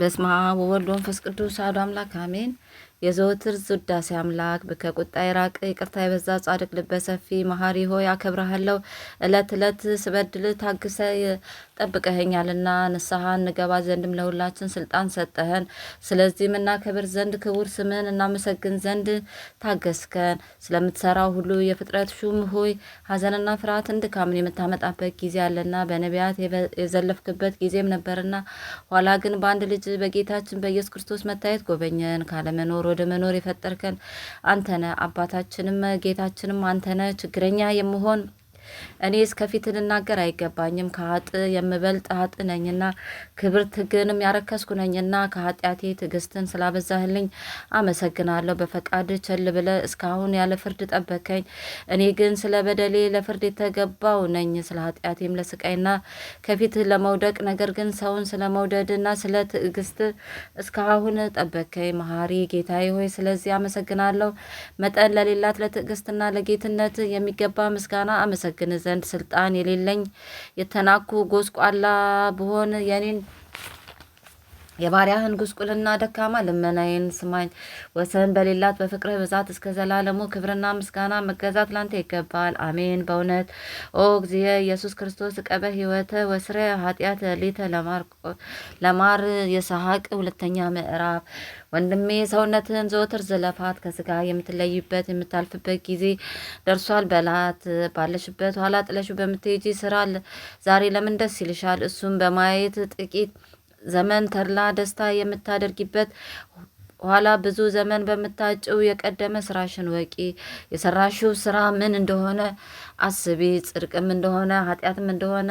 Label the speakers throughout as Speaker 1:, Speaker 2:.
Speaker 1: በስመ አብ ወወልድ ወመንፈስ ቅዱስ አሐዱ አምላክ አሜን። የዘወትር ውዳሴ አምላክ ከቁጣ የራቀ ይቅርታ የበዛ ጻድቅ ልበ ሰፊ መሐሪ ሆይ አከብረሃለሁ። እለት እለት ስበድል ታግሰ ጠብቀኸኛልና ንስሐ እንገባ ዘንድም ለሁላችን ስልጣን ሰጠህን። ስለዚህም እናከብር ዘንድ ክቡር ስምን እናመሰግን ዘንድ ታገስከን። ስለምትሰራው ሁሉ የፍጥረት ሹም ሆይ ሐዘንና ፍርሃት እንድካምን የምታመጣበት ጊዜ አለና በነቢያት የዘለፍክበት ጊዜም ነበርና ኋላ ግን በአንድ ልጅ ልጅ በጌታችን በኢየሱስ ክርስቶስ መታየት ጎበኘን። ካለመኖር ወደ መኖር የፈጠርከን አንተነ አባታችንም ጌታችንም አንተነ ችግረኛ የምሆን እኔ እስከፊት ልናገር አይገባኝም፣ ከሀጥ የምበልጥ ሀጥ ነኝና፣ ክብርት ሕግንም ያረከስኩ ነኝና፣ ከኃጢአቴ ትዕግስትን ስላበዛህልኝ አመሰግናለሁ። በፈቃድ ቸል ብለ እስካሁን ያለ ፍርድ ጠበከኝ። እኔ ግን ስለ በደሌ ለፍርድ የተገባው ነኝ፣ ስለ ኃጢአቴም ለስቃይና ከፊት ለመውደቅ ነገር ግን ሰውን ስለ መውደድና ስለ ትዕግስት እስካሁን ጠበከኝ። መሀሪ ጌታዬ ሆይ ስለዚህ አመሰግናለሁ። መጠን ለሌላት ለትዕግስትና ለጌትነት የሚገባ ምስጋና አመሰግ አመሰግን ዘንድ ስልጣን የሌለኝ የተናኩ ጎስቋላ ብሆን የኔን የባሪያህን ጉስቁልና ደካማ ልመናዬን ስማኝ። ወሰን በሌላት በፍቅርህ ብዛት እስከ ዘላለሙ ክብርና ምስጋና መገዛት ላንተ ይገባል። አሜን። በእውነት ኦ እግዚእ ኢየሱስ ክርስቶስ ቀበ ህይወተ ወስረ ኃጢአት ሊተ ለማር የሰሐቅ ሁለተኛ ምዕራፍ ወንድሜ ሰውነትህን ዘወትር ዘለፋት። ከስጋ የምትለይበት የምታልፍበት ጊዜ ደርሷል በላት። ባለሽበት ኋላ ጥለሹ በምትሄጂ ስራ ዛሬ ለምን ደስ ይልሻል? እሱም በማየት ጥቂት ዘመን ተድላ ደስታ የምታደርጊበት ኋላ ብዙ ዘመን በምታጭው የቀደመ ስራሽን ወቂ። የሰራሽው ስራ ምን እንደሆነ አስቢ፣ ጽድቅም እንደሆነ ኃጢአትም እንደሆነ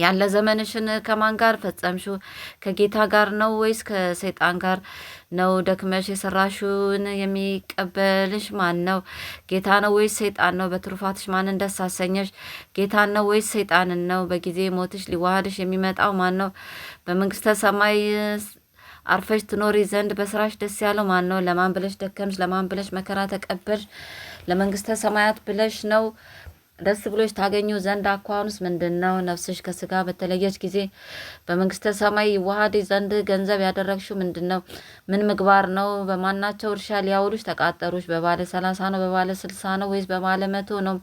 Speaker 1: ያለ ዘመንሽን ከማን ጋር ፈጸምሽው? ከጌታ ጋር ነው ወይስ ከሰይጣን ጋር ነው? ደክመሽ የሰራሽውን የሚቀበልሽ ማን ነው? ጌታ ነው ወይስ ሰይጣን ነው? በትሩፋትሽ ማንን ደስ አሰኘሽ? ጌታን ነው ወይስ ሰይጣንን ነው? በጊዜ ሞትሽ ሊዋሃድሽ የሚመጣው ማን ነው? በመንግስተ ሰማይ አርፈሽ ትኖሪ ዘንድ በስራሽ ደስ ያለው ማን ነው? ለማን ብለሽ ደከምሽ? ለማን ብለሽ መከራ ተቀበልሽ? ለመንግስተ ሰማያት ብለሽ ነው ደስ ብሎች ታገኙ ዘንድ አኳኑስ ምንድን ነው? ነፍስሽ ከስጋ በተለየች ጊዜ በመንግስተ ሰማይ ይዋሃድ ዘንድ ገንዘብ ያደረግሽው ምንድን ነው? ምን ምግባር ነው? በማናቸው እርሻ ሊያውሉሽ ተቃጠሩሽ? በባለ ሰላሳ ነው? በባለ ስልሳ ነው? ወይስ በባለ መቶ ነው?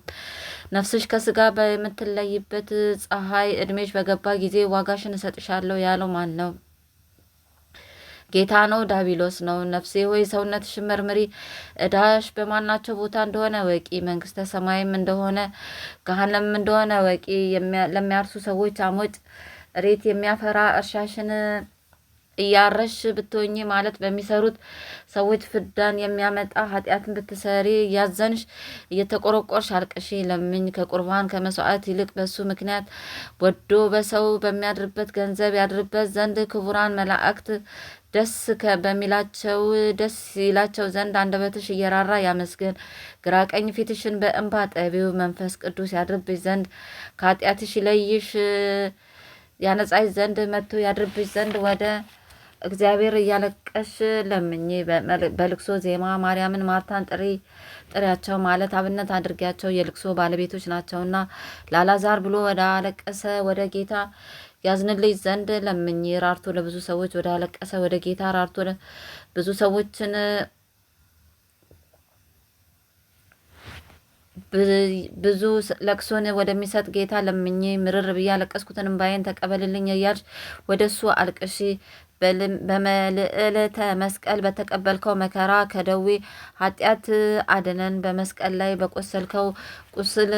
Speaker 1: ነፍስሽ ከስጋ በምትለይበት ፀሐይ እድሜሽ በገባ ጊዜ ዋጋሽን እሰጥሻለሁ ያለው ማን ነው? ጌታ ነው ዳቢሎስ ነው። ነፍሴ ሆይ ሰውነትሽ መርምሪ፣ እዳሽ በማናቸው ቦታ እንደሆነ ወቂ። መንግስተ ሰማይም እንደሆነ ገሃነምም እንደሆነ ወቂ። ለሚያርሱ ሰዎች አሞጭ ሬት የሚያፈራ እርሻሽን እያረሽ ብትሆኚ ማለት በሚሰሩት ሰዎች ፍዳን የሚያመጣ ኃጢአትን ብትሰሪ እያዘንሽ እየተቆረቆርሽ አልቅሺ ለምኝ። ከቁርባን ከመስዋዕት ይልቅ በሱ ምክንያት ወዶ በሰው በሚያድርበት ገንዘብ ያድርበት ዘንድ ክቡራን መላእክት ደስ በሚላቸው ደስ ይላቸው ዘንድ አንደበትሽ እየራራ ያመስግን። ግራ ቀኝ ፊትሽን በእንባ ጠቢው መንፈስ ቅዱስ ያድርብሽ ዘንድ ከኃጢአትሽ ይለይሽ ያነጻሽ ዘንድ መጥቶ ያድርብሽ ዘንድ ወደ እግዚአብሔር እያለቀሽ ለምኝ። በልቅሶ ዜማ ማርያምን ማርታን ጥሪ ጥሪያቸው ማለት አብነት አድርጊያቸው የልቅሶ ባለቤቶች ናቸውና ላላዛር ብሎ ወደ አለቀሰ ወደ ጌታ ያዝንልኝ ዘንድ ለምኝ። ራርቶ ለብዙ ሰዎች ወደ አለቀሰ ወደ ጌታ ራርቶ ብዙ ሰዎችን ብዙ ለቅሶን ወደሚሰጥ ጌታ ለምኝ። ምርር ብዬ ለቀስኩትን እምባዬን ተቀበልልኝ እያልሽ ወደ እሱ አልቅሺ። በመልዕለተ መስቀል በተቀበልከው መከራ ከደዌ ኃጢአት አድነን። በመስቀል ላይ በቆሰልከው ቁስል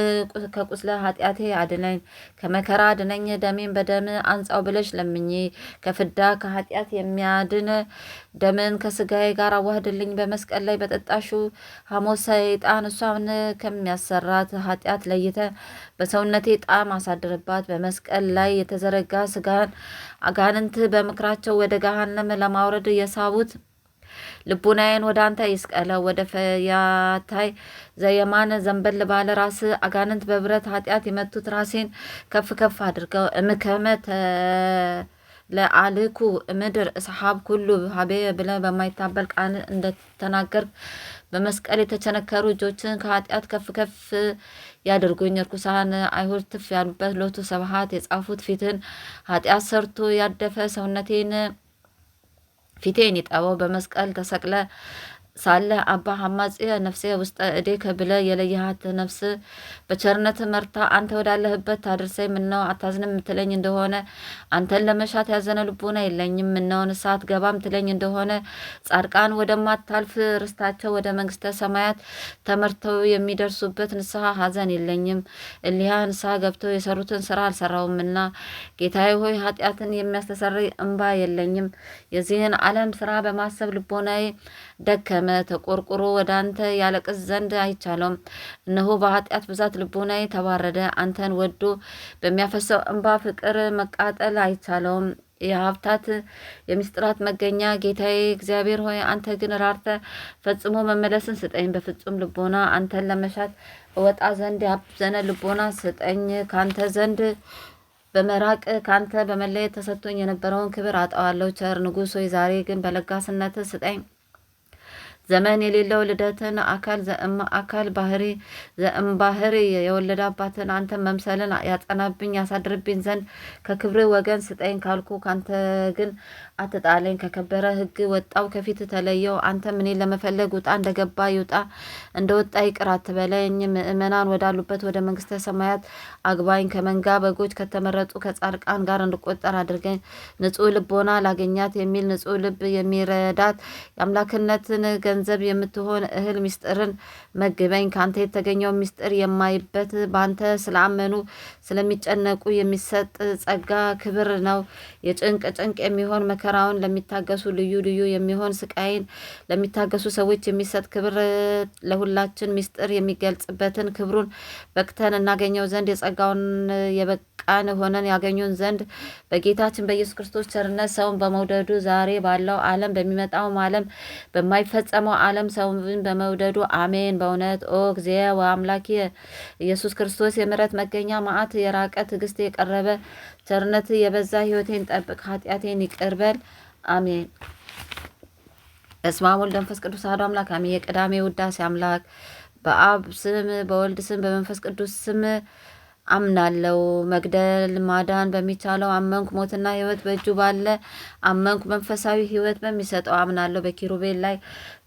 Speaker 1: ከቁስለ ኃጢአቴ አድነኝ፣ ከመከራ አድነኝ፣ ደሜን በደም አንጻው ብለሽ ለምኝ። ከፍዳ ከኃጢአት የሚያድን ደምን ከስጋዬ ጋር አዋህድልኝ። በመስቀል ላይ በጠጣሹ ሐሞት ሰይጣን እሷን ከሚያሰራት ኃጢአት ለይተ በሰውነቴ ጣም አሳድርባት። በመስቀል ላይ የተዘረጋ ስጋን አጋንንት በምክራቸው ወደ ገሃነም ለማውረድ የሳቡት ልቡናዬን ወደ አንተ ይስቀለ ወደ ፈያታይ ዘየማን ዘንበል ባለ ራስ አጋንንት በብረት ኃጢአት የመቱት ራሴን ከፍ ከፍ አድርገው እምከመ ለአልኩ ምድር እስሓብ ኩሉ ሀቤ ብለ በማይታበል ቃል እንደተናገር በመስቀል የተቸነከሩ እጆችን ከኃጢአት ከፍ ከፍ ያድርጉኝ። እርኩሳን አይሁድ ትፍ ያሉበት ሎቱ ሰብሐት የጻፉት ፊትን ኃጢአት ሰርቶ ያደፈ ሰውነቴን ፊቴን ይጠበው በመስቀል ተሰቅለ ሳለህ አባ ሐማጽየ ነፍሴ ውስጠ እዴከ ብለ የለየሃት ነፍስ በቸርነት መርታ አንተ ወዳለህበት ታድርሰኝ። ምነው አታዝንም ምትለኝ እንደሆነ አንተን ለመሻት ያዘነ ልቡና የለኝም። ምነው ንስሐ ገባ ትለኝ እንደሆነ ጻድቃን ወደማታልፍ ርስታቸው ወደ መንግስተ ሰማያት ተመርተው የሚደርሱበት ንስሐ ሀዘን የለኝም። እሊያ ንስሐ ገብተው የሰሩትን ስራ አልሰራውምና ጌታዬ ሆይ ኃጢአትን የሚያስተሰርይ እምባ የለኝም። የዚህን ዓለም ስራ በማሰብ ልቦናዬ ደከ ተሸከመ። ተቆርቁሮ ወደ አንተ ያለቅስ ዘንድ አይቻለውም። እነሆ በኃጢአት ብዛት ልቡናዬ የተባረደ አንተን ወዶ በሚያፈሰው እንባ ፍቅር መቃጠል አይቻለውም። የሀብታት የምስጢራት መገኛ ጌታዬ እግዚአብሔር ሆይ አንተ ግን ራርተ ፈጽሞ መመለስን ስጠኝ። በፍጹም ልቦና አንተን ለመሻት እወጣ ዘንድ ያብዘነ ልቦና ስጠኝ። ካንተ ዘንድ በመራቅ ካንተ በመለየት ተሰጥቶኝ የነበረውን ክብር አጣዋለሁ። ቸር ንጉሥ ሆይ ዛሬ ግን በለጋስነት ስጠኝ። ዘመን የሌለው ልደትን አካል ዘእም አካል ባህሪ ዘእም ባህሪ የወለደ አባትን አንተ መምሰልን ያጸናብኝ ያሳድርብኝ ዘንድ ከክብር ወገን ስጠኝ ካልኩ፣ ካንተ ግን አትጣለኝ። ከከበረ ሕግ ወጣው ከፊት ተለየው። አንተ እኔ ለመፈለግ ውጣ እንደገባ ይውጣ እንደወጣ ይቅር አትበለኝ። ምእመናን ወዳሉበት ወደ መንግስተ ሰማያት አግባኝ። ከመንጋ በጎች ከተመረጡ ከጻድቃን ጋር እንድቆጠር አድርገኝ። ንጹህ ልቦና ላገኛት የሚል ንጹህ ልብ የሚረዳት የአምላክነትን ገንዘብ የምትሆን እህል ምስጢርን መግበኝ። ካንተ የተገኘው ምስጢር የማይበት ባንተ ስላመኑ ስለሚጨነቁ የሚሰጥ ጸጋ ክብር ነው። የጭንቅ ጭንቅ የሚሆን መከራውን ለሚታገሱ ልዩ ልዩ የሚሆን ስቃይን ለሚታገሱ ሰዎች የሚሰጥ ክብር ለሁላችን ምስጢር የሚገልጽበትን ክብሩን በክተን እናገኘው ዘንድ የጸጋውን የበቃን ሆነን ያገኙን ዘንድ በጌታችን በኢየሱስ ክርስቶስ ቸርነት ሰውን በመውደዱ ዛሬ ባለው ዓለም በሚመጣውም ዓለም በማይፈጸም ለዘላለሙ ዓለም ሰውን በመውደዱ አሜን። በእውነት ኦ እግዚአ ወአምላኬ ኢየሱስ ክርስቶስ የምረት መገኛ መዓት የራቀ ትዕግስት የቀረበ ቸርነት የበዛ ህይወቴን ጠብቅ፣ ኃጢአቴን ይቅርበል አሜን። በስመ አብ ወልድ መንፈስ ቅዱስ አሐዱ አምላክ አሜን። የቅዳሜ ውዳሴ አምላክ በአብ ስም በወልድ ስም በመንፈስ ቅዱስ ስም አምናለው መግደል ማዳን በሚቻለው አመንኩ። ሞትና ህይወት በእጁ ባለ አመንኩ። መንፈሳዊ ህይወት በሚሰጠው አምናለሁ። በኪሩቤል ላይ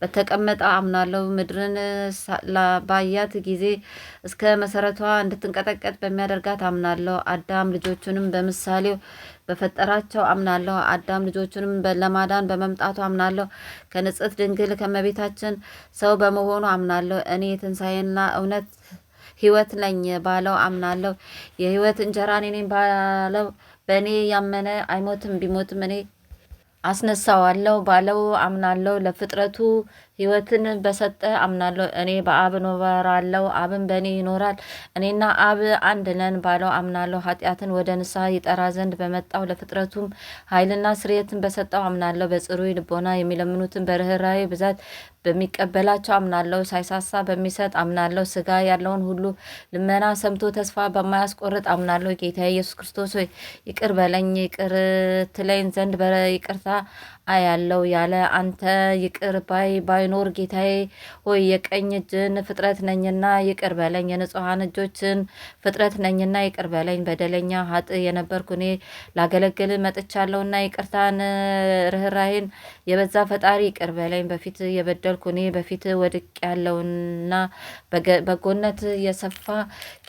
Speaker 1: በተቀመጠው አምናለሁ። ምድርን ባያት ጊዜ እስከ መሰረቷ እንድትንቀጠቀጥ በሚያደርጋት አምናለሁ። አዳም ልጆቹንም በምሳሌው በፈጠራቸው አምናለሁ። አዳም ልጆቹንም ለማዳን በመምጣቱ አምናለሁ። ከንጽሕት ድንግል ከመቤታችን ሰው በመሆኑ አምናለሁ። እኔ ትንሣኤና እውነት ህይወት ነኝ ባለው አምናለሁ። የህይወት እንጀራ እኔ ባለው በእኔ ያመነ አይሞትም፣ ቢሞትም እኔ አስነሳዋለሁ ባለው አምናለሁ። ለፍጥረቱ ህይወትን በሰጠ አምናለሁ። እኔ በአብ እኖራለሁ፣ አብን በእኔ ይኖራል። እኔና አብ አንድ ነን ባለው አምናለሁ። ኃጢአትን ወደ ንስሐ ይጠራ ዘንድ በመጣው ለፍጥረቱም ኃይልና ስርየትን በሰጠው አምናለሁ። በጽሩ ልቦና የሚለምኑትን በርኅራዊ ብዛት በሚቀበላቸው አምናለሁ። ሳይሳሳ በሚሰጥ አምናለሁ። ስጋ ያለውን ሁሉ ልመና ሰምቶ ተስፋ በማያስቆርጥ አምናለሁ። ጌታ ኢየሱስ ክርስቶስ ሆይ ይቅር በለኝ፣ ይቅር ትለኝ ዘንድ በይቅርታ አያለው ያለ አንተ ይቅር ባይ ባይኖር ጌታዬ ሆይ የቀኝ እጅን ፍጥረት ነኝና ይቅር በለኝ፣ የንጹሐን እጆችን ፍጥረት ነኝና ይቅር በለኝ። በደለኛ ሀጥ የነበርኩ እኔ ላገለግል መጥቻለሁና ይቅርታን ርኅራሄን የበዛ ፈጣሪ ይቅር በለኝ። በፊት የበደልኩ እኔ በፊት ወድቅ ያለውና በጎነት የሰፋ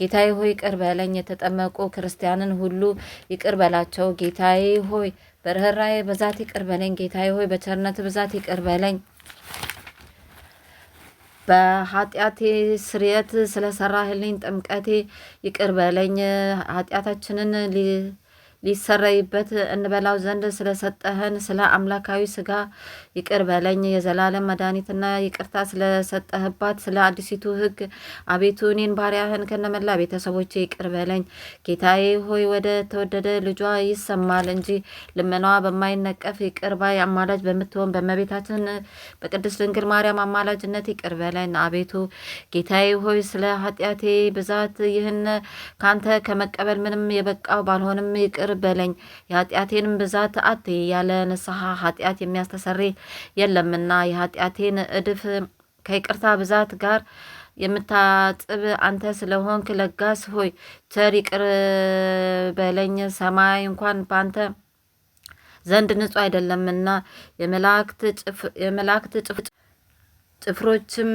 Speaker 1: ጌታዬ ሆይ ይቅር በለኝ። የተጠመቁ ክርስቲያንን ሁሉ ይቅር በላቸው ጌታዬ ሆይ በርኅራዬ ብዛት ይቅር በለኝ ጌታዬ ሆይ በቸርነት ብዛት ይቅር በለኝ። በኃጢአቴ ስርየት ስለሰራህልኝ ጥምቀቴ ይቅር በለኝ ኃጢአታችንን ሊሰረይበት እንበላው ዘንድ ስለሰጠህን ስለ አምላካዊ ስጋ ይቅር በለኝ። የዘላለም መድኃኒትና ይቅርታ ስለሰጠህባት ስለ አዲሲቱ ሕግ አቤቱ እኔን ባሪያህን ከነመላ ቤተሰቦች ይቅር በለኝ። ጌታዬ ሆይ ወደ ተወደደ ልጇ ይሰማል እንጂ ልመናዋ በማይነቀፍ ይቅር ባይ አማላጅ በምትሆን በመቤታችን በቅድስት ድንግል ማርያም አማላጅነት ይቅር በለኝ። አቤቱ ጌታዬ ሆይ ስለ ኃጢአቴ ብዛት ይህን ካንተ ከመቀበል ምንም የበቃው ባልሆንም ይቅር በለኝ፣ የኃጢአቴንም ብዛት አትይ። ያለ ንስሐ ኃጢአት የሚያስተሰሪ የለምና የኃጢአቴን እድፍ ከይቅርታ ብዛት ጋር የምታጥብ አንተ ስለሆንክ ለጋስ ሆይ ቸር ይቅር በለኝ። ሰማይ እንኳን በአንተ ዘንድ ንጹሕ አይደለምና የመላእክት ጭፍሮችም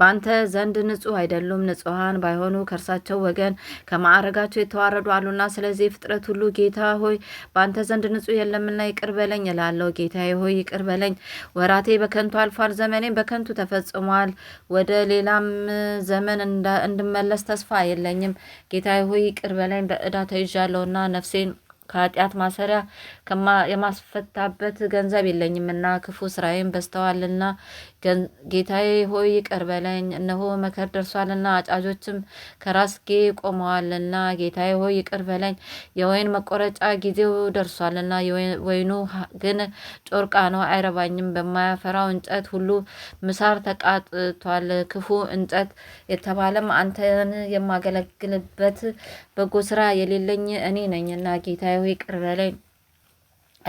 Speaker 1: በአንተ ዘንድ ንጹህ አይደሉም። ንጹሐን ባይሆኑ ከእርሳቸው ወገን ከማዕረጋቸው የተዋረዱ አሉና፣ ስለዚህ ፍጥረት ሁሉ ጌታ ሆይ በአንተ ዘንድ ንጹህ የለምና ይቅር በለኝ እላለሁ። ጌታ ሆይ ይቅር በለኝ። ወራቴ በከንቱ አልፏል፣ ዘመኔም በከንቱ ተፈጽሟል። ወደ ሌላም ዘመን እንድመለስ ተስፋ የለኝም። ጌታ ሆይ ይቅር በለኝ። በእዳ ተይዣለሁና ነፍሴን ከኃጢአት ማሰሪያ የማስፈታበት ገንዘብ የለኝምና ክፉ ስራዬም በስተዋልና ጌታዬ ሆይ ይቅር በለኝ፣ እነሆ መከር ደርሷልና አጫጆችም ከራስጌ ቆመዋልና። ጌታዬ ሆይ ይቅር በለኝ፣ የወይን መቆረጫ ጊዜው ደርሷልና። ወይኑ ግን ጮርቃ ነው፣ አይረባኝም። በማያፈራው እንጨት ሁሉ ምሳር ተቃጥቷል። ክፉ እንጨት የተባለም አንተን የማገለግልበት በጎ ስራ የሌለኝ እኔ ነኝና ጌታዬ ሆይ ይቅር በለኝ።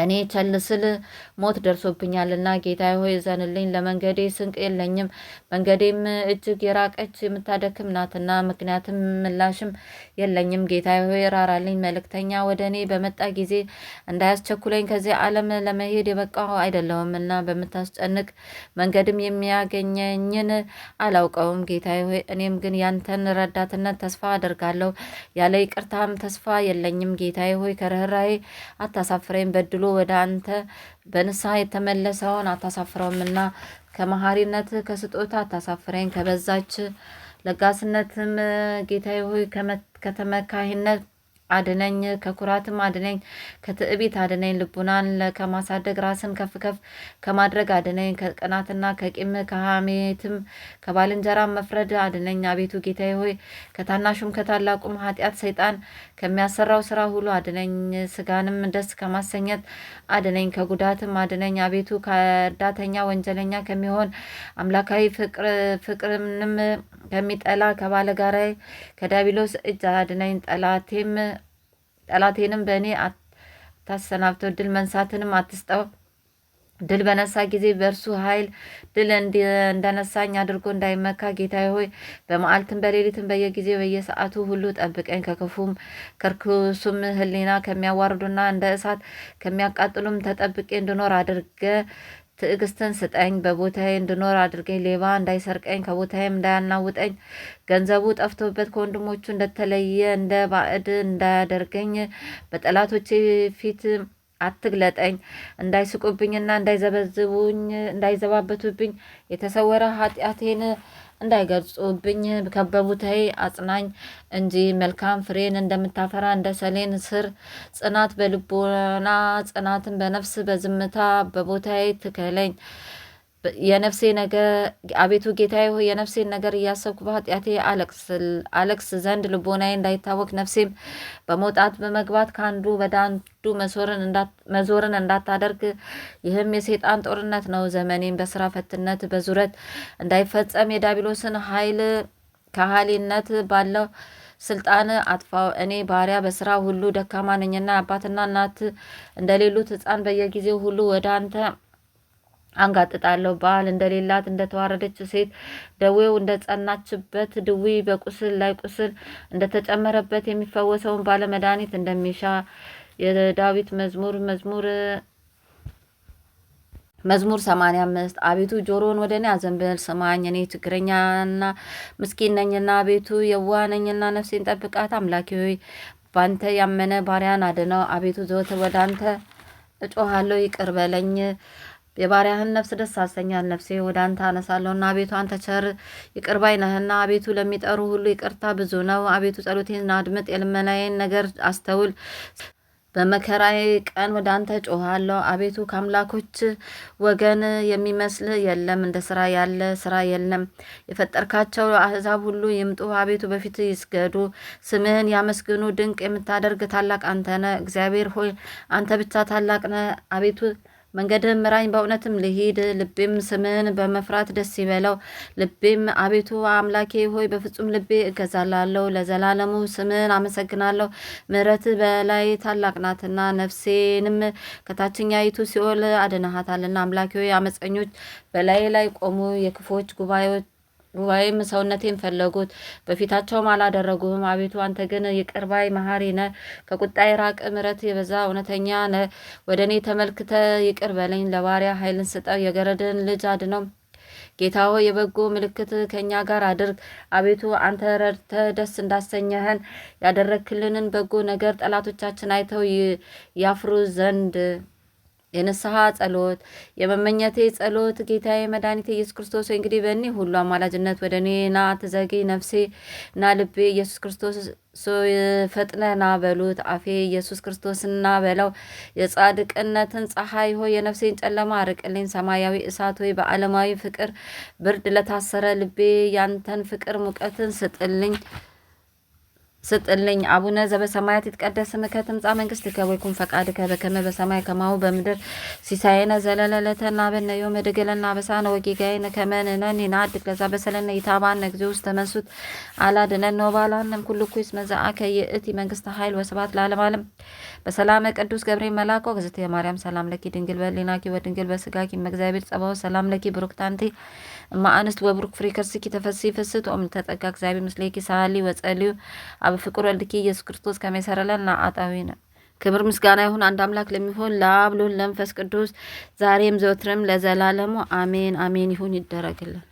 Speaker 1: እኔ ቸል ስል ሞት ደርሶብኛልና ጌታ ሆይ ዘንልኝ። ለመንገዴ ስንቅ የለኝም፣ መንገዴም እጅግ የራቀች የምታደክም ናትና፣ ምክንያትም ምላሽም የለኝም። ጌታ ሆይ ራራልኝ። መልእክተኛ ወደ እኔ በመጣ ጊዜ እንዳያስቸኩለኝ፣ ከዚህ ዓለም ለመሄድ የበቃሁ አይደለሁምና በምታስጨንቅ መንገድም የሚያገኘኝን አላውቀውም። ጌታ ሆይ እኔም ግን ያንተን ረዳትነት ተስፋ አደርጋለሁ፣ ያለ ይቅርታም ተስፋ የለኝም። ጌታ ሆይ ከርኅራዬ አታሳፍረኝ፣ በድሎ ወደ አንተ በንስሐ የተመለሰውን አታሳፍረውምና ከመሐሪነትህ ከስጦታ አታሳፍረኝ። ከበዛች ለጋስነትም ጌታዬ ሆይ ከተመካሂነት አድነኝ፣ ከኩራትም አድነኝ፣ ከትዕቢት አድነኝ፣ ልቡናን ከማሳደግ ራስን ከፍ ከፍ ከማድረግ አድነኝ፣ ከቅናትና ከቂም ከሐሜትም ከባልንጀራም መፍረድ አድነኝ። አቤቱ ጌታዬ ሆይ ከታናሹም ከታላቁም ኃጢአት ሰይጣን ከሚያሰራው ስራ ሁሉ አድነኝ፣ ስጋንም ደስ ከማሰኘት አድነኝ፣ ከጉዳትም አድነኝ። አቤቱ ከእርዳተኛ ወንጀለኛ ከሚሆን አምላካዊ ፍቅርንም ከሚጠላ ከባለጋራዬ ከዳቢሎስ እጅ አድነኝ ጠላቴም ጠላቴንም በእኔ አታሰናብተው፣ ድል መንሳትንም አትስጠው። ድል በነሳ ጊዜ በእርሱ ኃይል ድል እንደነሳኝ አድርጎ እንዳይመካ ጌታ ሆይ በመዓልትም በሌሊትም በየጊዜ በየሰዓቱ ሁሉ ጠብቀኝ። ከክፉም ከርኩሱም ሕሊና ከሚያዋርዱና እንደ እሳት ከሚያቃጥሉም ተጠብቄ እንድኖር አድርገ ትዕግስትን ስጠኝ፣ በቦታዬ እንድኖር አድርገኝ፣ ሌባ እንዳይሰርቀኝ፣ ከቦታዬም እንዳያናውጠኝ፣ ገንዘቡ ጠፍቶበት ከወንድሞቹ እንደተለየ እንደ ባዕድ እንዳያደርገኝ፣ በጠላቶቼ ፊት አትግለጠኝ፣ እንዳይስቁብኝና እንዳይዘበዝቡኝ፣ እንዳይዘባበቱብኝ የተሰወረ ኃጢአቴን እንዳይገልጹብኝ ከበቡተይ አጽናኝ እንጂ መልካም ፍሬን እንደምታፈራ እንደ ሰሌን ስር ጽናት በልቦና ጽናትን በነፍስ በዝምታ በቦታይ ትከለኝ። የነፍሴ ነገር አቤቱ ጌታዬ ሆይ የነፍሴን ነገር እያሰብኩ በኃጢአቴ አለቅስ ዘንድ ልቦናዬ እንዳይታወክ ነፍሴም በመውጣት በመግባት ከአንዱ ወደ አንዱ መዞርን እንዳታደርግ ይህም የሴጣን ጦርነት ነው። ዘመኔም በስራ ፈትነት በዙረት እንዳይፈጸም የዳቢሎስን ኃይል ከሃሊነት ባለው ስልጣን አጥፋው። እኔ ባሪያ በስራ ሁሉ ደካማ ነኝና አባትና እናት እንደሌሉት ሕፃን በየጊዜው ሁሉ ወደ አንተ አንጋጥጣለሁ። ባል እንደሌላት እንደተዋረደች ሴት ደዌው እንደጸናችበት ድዊ በቁስል ላይ ቁስል እንደተጨመረበት የሚፈወሰውን ባለ እንደሚሻ የዳዊት መዝሙር መዝሙር መዝሙር 85 አቤቱ ጆሮን ወደ እኔ አዘንብል ስማኝ። እኔ ችግረኛና ምስኪን ነኝና አቤቱ የዋህ ነኝና ነፍሴን ጠብቃት። አምላኪ ሆይ ባንተ ያመነ ባሪያን አድነው። አቤቱ ዘወትር ወደ አንተ እጮሃለሁ፣ ይቅር በለኝ። የባሪያህን ነፍስ ደስ አሰኛል። ነፍሴ ወደ አንተ አነሳለሁና አቤቱ አንተ ቸር ይቅር ባይ ነህና፣ አቤቱ ለሚጠሩ ሁሉ ይቅርታ ብዙ ነው። አቤቱ ጸሎቴን አድምጥ፣ የልመናዬን ነገር አስተውል። በመከራዬ ቀን ወደ አንተ ጮኋለሁ። አቤቱ ከአምላኮች ወገን የሚመስል የለም፣ እንደ ስራ ያለ ስራ የለም። የፈጠርካቸው አሕዛብ ሁሉ ይምጡ፣ አቤቱ በፊት ይስገዱ፣ ስምህን ያመስግኑ። ድንቅ የምታደርግ ታላቅ አንተ ነ። እግዚአብሔር ሆይ አንተ ብቻ ታላቅ ነህ። አቤቱ መንገድህን ምራኝ፣ በእውነትም ልሂድ። ልቤም ስምን በመፍራት ደስ ይበለው። ልቤም አቤቱ አምላኬ ሆይ በፍጹም ልቤ እገዛላለሁ። ለዘላለሙ ስምን አመሰግናለሁ። ምሕረት በላይ ታላቅ ናትና ነፍሴንም ከታችኛይቱ ሲኦል አድነሃታልና። አምላኬ ሆይ አመፀኞች በላይ ላይ ቆሙ፣ የክፎች ጉባኤዎች ወይም ሰውነቴን ፈለጉት፣ በፊታቸውም አላደረጉም። አቤቱ አንተ ግን ይቅር መሐሪ ነህ፣ ራቅ፣ ምረት የበዛ እውነተኛ ነ ወደ እኔ ተመልክተ ይቅር በለኝ፣ ለባሪያ ኃይልን ስጠው፣ የገረድን ልጅ አድነው። ጌታ ሆይ የበጎ ምልክት ከእኛ ጋር አድርግ። አቤቱ አንተ ረድተ ደስ እንዳሰኘህን ያደረክልንን በጎ ነገር ጠላቶቻችን አይተው ያፍሩ ዘንድ የንስሐ ጸሎት የመመኘቴ ጸሎት ጌታዬ መድኃኒቴ ኢየሱስ ክርስቶስ እንግዲህ በእኔ ሁሉ አማላጅነት ወደ እኔ ና ትዘጊ ነፍሴ ና ልቤ ኢየሱስ ክርስቶስ ፈጥነህ ና በሉት አፌ ኢየሱስ ክርስቶስ ና በለው። የጻድቅነትን ፀሐይ ሆይ የነፍሴን ጨለማ አርቅልኝ። ሰማያዊ እሳት ሆይ በዓለማዊ ፍቅር ብርድ ለታሰረ ልቤ ያንተን ፍቅር ሙቀትን ስጥልኝ። ስጥልኝ። አቡነ ዘበሰማያት ይትቀደስ ስምከ ትምጻእ መንግስትከ ወይኩን ፈቃድከ በከመ በሰማይ ከማሁ በምድር ሲሳየነ ዘለለዕለትነ ሀበነ ዮም ወኅድግ ለነ አበሳነ ወጌጋየነ ከመ ንሕነኒ ለዛ በሰለነ ኢታባነ እግዚኦ ውስተ መንሱት አላድኅነነ ወባልሐነ እምኩሉ ኩይስ መዓከ ይእቲ መንግስት ኃይል ወስብሐት ለዓለመ ዓለም። በሰላመ ቅዱስ ገብርኤል መልአኮ እግዝእትየ ማርያም ሰላም ለኪ ድንግል በሕሊናኪ ወድንግል በሥጋኪ እመ እግዚአብሔር ጸባኦት ሰላም ለኪ ብሩክት አንቲ እማ አንስት ወብሩክ ፍሬ ከርሥኪ ተፈሥሒ ፍስት ኦም ተጠጋ ጸጋ እግዚአብሔር ምስሌኪ ሳሊ ወጸልዩ በፍቅር ወልድኪ ኢየሱስ ክርስቶስ ከመይ አጣዊ ናአጣዊነ ክብር ምስጋና ይሁን አንድ አምላክ ለሚሆን ለአብ ለወልድ ለመንፈስ ቅዱስ ዛሬም ዘወትርም ለዘላለሙ አሜን አሜን ይሁን ይደረግልን።